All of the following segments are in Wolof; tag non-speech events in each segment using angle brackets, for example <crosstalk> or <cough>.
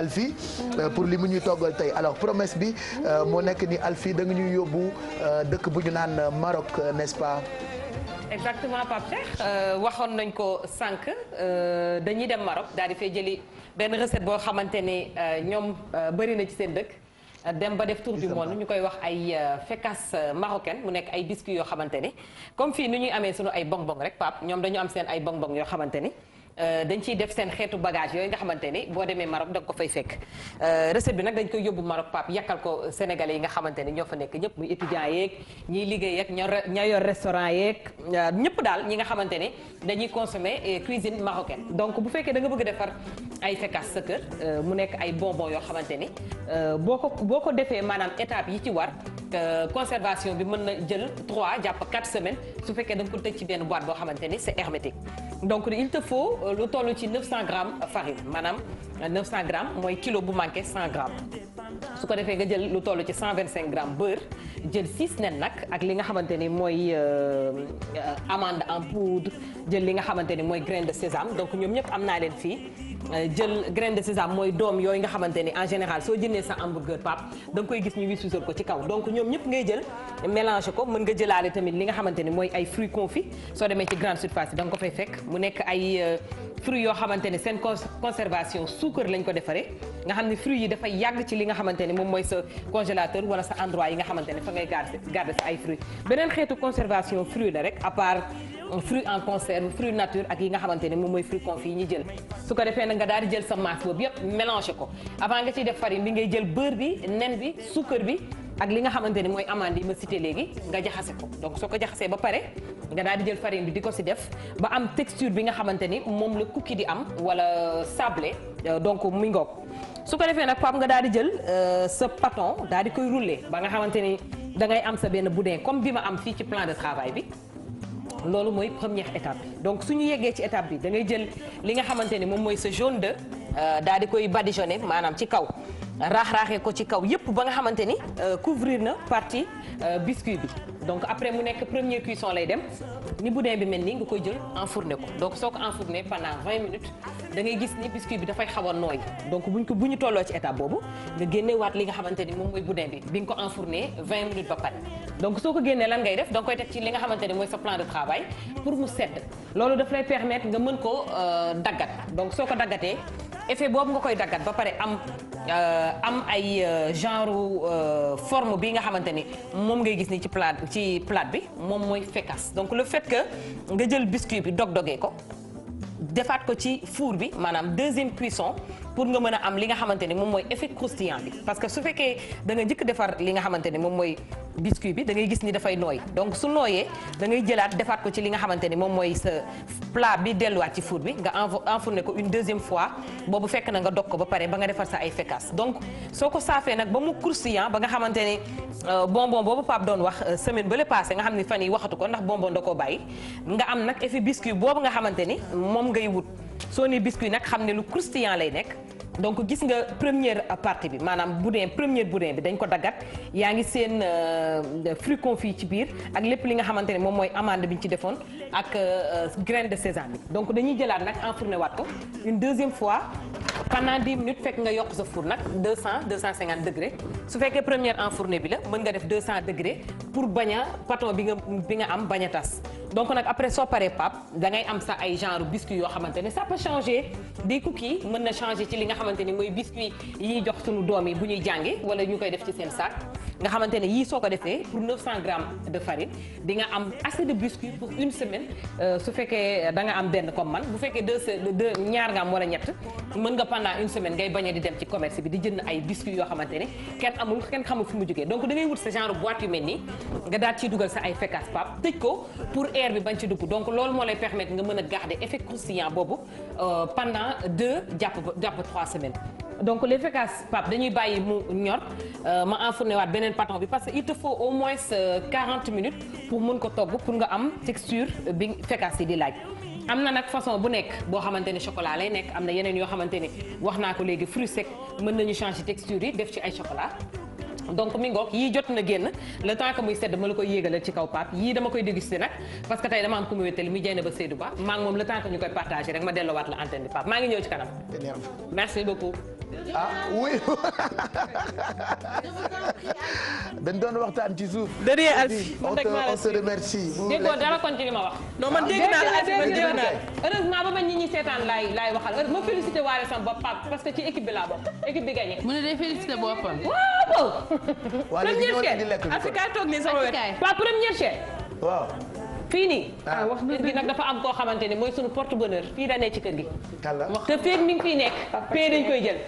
Alfi euh, pour li mu ñuy toggal tey alors promesse bi euh, moo nekk ni Alfi da nga ñuy yóbbu euh, dëkk bu ñu naan Maroc n'est-ce pas exactement Pape Cheikh waxoon nañ ko sànq dañuy dem Maroc daal di fay jëli benn recette boo xamante ne ñoom bëri na ci seen dëkk dem ba def tour du monde ñu koy wax ay fecas marocaine mu nekk ay biscuits yoo xamante ni comme fii ni ñuy amee sunu ay bonbon rek Pape ñoom dañu am seen ay bonbon yoo xamante ni Euh, dañ ciy def seen xeetu bagage yooyu nga xamante ni boo demee Maroc danga nga ko fay fekk euh, recette bi nag dañ koy yóbbu Maroc pap yàkkal ko sénégalais yi nga xamante ni ñoo fa nekk ñëpp muy étudiants yeeg ñiy liggéey ak ña yor restaurant yeeg euh, ñëpp daal ñi nga xamante ni dañuy consommer cuisine marocaine donc bu fekkee da nga bëgg defar ay fekkaas sa kër mu nekk ay bonbon yoo xamante ni boo ko boo ko defee maanaam étape yi ci war conservation bi mën na jël 3 jàpp 4 semaines su fekkee da ko tëj ci benn boîte boo xamante ni c'est donc il te faut euh, lu toll ci 900 grammes farine maanaam 900 grammes mooy kilo bu manqué 100 grammes. su ko defee nga jël lu toll ci 125 grammes beurre jël 6 nen nag ak li nga xamante ni mooy euh, amande en poudre jël li nga xamante ni mooy grain de sésame donc ñoom ñëpp am naa leen fii euh, jël grain de sésame mooy doom yooyu nga xamante ni en général soo jëndee sa hamburger pap da nga koy gis ñu wisuusal ko ci kaw donc ñoom ñëpp ngay jël mélanger ko mën nga jëlaale tamit li nga xamante ni mooy ay fruits confits soo demee ci grande surface danga ko fay fekk mu nekk ay euh, fruit yoo xamante ne seen conservation suukar lañ ko defaree nga xam ne fruit yi dafay yàgg ci li nga xamante ne moom mooy sa congélateur wala sa endroit yi nga xamante ne fa ngay garder garder sa ay fruit beneen xeetu conservation fruit euh, ak yi nga xamante ne moom mooy fruit confit yi ñu jël su ko defee na nga daal di jël sa masse boobu yëpp mélanger ko avant nga ciy def farine bi ngay jël beurre bi nen bi suukar bi ak li nga xamante ni mooy amande yi ma cité léegi nga jaxase ko donc soo ko jaxasee ba pare nga daal di jël farine bi di ko si def ba am texture bi nga xamante ni moom la cookie di am wala sablé euh, donc mi ngoog su ko defee nag Pape nga daal di jël euh, sa paton daal di koy rouler ba nga xamante ni da ngay am sa benn boudin comme bi ma am fii ci plan de travail bi loolu mooy première étape bi donc ñu yeggee ci étape bi da ngay jël li nga xamante ni moom mooy sa jaune d'œuf Euh, daal di koy badigeonné maanaam ci kaw raax-raaxee ko ci kaw yëpp ba nga xamante ni euh, couvrir na partie euh, biscuit bi donc après mu nekk première cuisson lay dem ni boudin bi mel nii nga koy jël enfourné ko donc soo ko enfourné pendant gis ni bi dafay xaw nooy donc buñ ko bu ñu tolloo ci étape boobu nga waat li nga xamante ni moom mooy boudin bi bi nga ko enfourné 20 minutes ba pare ko génnee lan ngay def da koy teg ci li nga xamante ni mooy sa plan de travail pour mu sedd loolu daf lay permettre nga mën ko daggat donc soo ko daggatee effet boobu nga koy daggat ba pare am euh, am ay euh, genre euh, forme bi nga xamante ni moom ngay gis ni ci plate ci plate bi moom mooy fécasse donc le fait que nga jël biscuit bi dog-dogee ko defaat ko ci four bi maanaam deuxième cuisson pour nga mën a am li nga xamante ne moom mooy effet croustillant bi parce que su fekkee da nga defar li nga xamante ne moom mooy biscuit bi da ngay gis ni dafay nooy donc su nooyee dangay ngay jëlaat defaat ko ci li nga xamante ni moom mooy sa plat bi delluwaat ci four bi nga enfourner ko une deuxième fois boobu fekk na nga dog ko ba pare ba nga defar sa ay fekaas donc soo ko saafee nag ba mu croustillant ba nga xamante ni euh, bonbon boobu Pape doon wax euh, semaine ba le passé nga xam ni fan yi waxatu ko ndax bonbon da koo bàyyi am nag effet biscuit boobu nga xamante ni moom ngay wut soo nee biscuit nag xam ne lu croustillant lay nekk donc gis nga première partie bi maanaam boudin première boudin bi dañ ko daggat yaa ngi seen euh, fruit confit ci biir ak lépp li nga xamante ne moom mooy amande bi ñu ci defoon ak euh, euh, graine de sésame bi donc dañuy jëlaat nag enfourné waat ko une deuxième fois pendant 10 minutes fekk nga yokk sa four nag 200 250 degré su fekkee première enfournée bi la mën nga def 200 degré pour bañ a pâton bi nga bi nga am bañ a tas donc nag après soo paree pap da ngay am sa ay genre biscuit yoo xamante ne ça peut changer des cookies mën na changer ci li nga xamante ni mooy biscuit yiy jox suñu doom yi bu ñuy jàngi wala ñu koy def ci seen saak nga xamante ne yii soo ko defee pour 900 grammes de farine di nga am assez de biscuit pour une semaine euh, su fekkee danga am benn comme man bu fekkee deux deux ñaar nga am wala ñett mën nga pendant une semaine ngay bañ a di dem ci commerce bi di jënd ay biscuits yoo xamante ne ken amul kenn xamul fu mu jógee donc da ngay wut sa genre boîte yu mel nii nga daal ciy dugal sa ay fekkaas pap tëj ko pour air bi bañ ci dugg donc loolu moo lay permettre nga mën a garder effet croustillant boobu euh, pendant deux jàpp jàpp trois semaines donc les l'efficace Pape dañuy bàyyi mu ñor euh, ma enfourner waat beneen patron bi parce que it te au moins 40 euh, minutes pour mën ko togg pour nga am texture bi fekaas yi di laaj. am na nag façon bu nekk boo xamante ne chocolat lay nekk am na yeneen yoo xamante ni wax naa ko léegi fruits secs mën nañu changer texture yi def ci ay chocolat. donc mi ngoog yii jot na génn le temps que muy sedd ma la koy yéegalal ci kaw paap yii dama koy déguster nag parce que tey dama am ku mu wéttali muy jeyna ba Seydou Ba maa ngi moom le temps que ñu koy la antenne bi ñëw ci kanam merci beaucoup ah <laughs> kon ci li ma wax non man ah, dégg naa la dégg naa la heureusement ba ma ñi ñi seetaan laay laay waxal ma félicité waale sama bopp paap parce que ci équipe bi laa bokk équipe bi gagné mu ne day félicité boppam waaw <laughs> première chaîne Africa toog nii sama wet waaw première chaîne waaw fii nii ah. Ah, wax kër gi nag dafa am koo xamante ne mooy suñu port bonheur fii da ne ci kër gi te feeg mi ngi fiy nekk pee dañ koy jël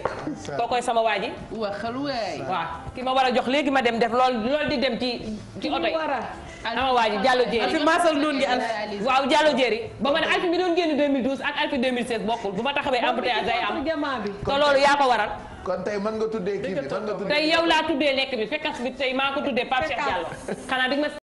koo koy sama waa ji waxal waay waaw ki ma war a jox léegi ma dem def lool lool di dem ci ci oto yi sama waa ji Diallo Diéry maasal noonu gi alf waaw Diallo Diéry ba ma ne alfi mi doon génn 2012 ak alfi 2016 bokkul bu ma taxawee am te loolu yaa ko waral kon tey mën nga tuddee kii bi tey yow laa tuddee lekk bi fekkas bi tey maa ko tuddee Pape Cheikh xanaa di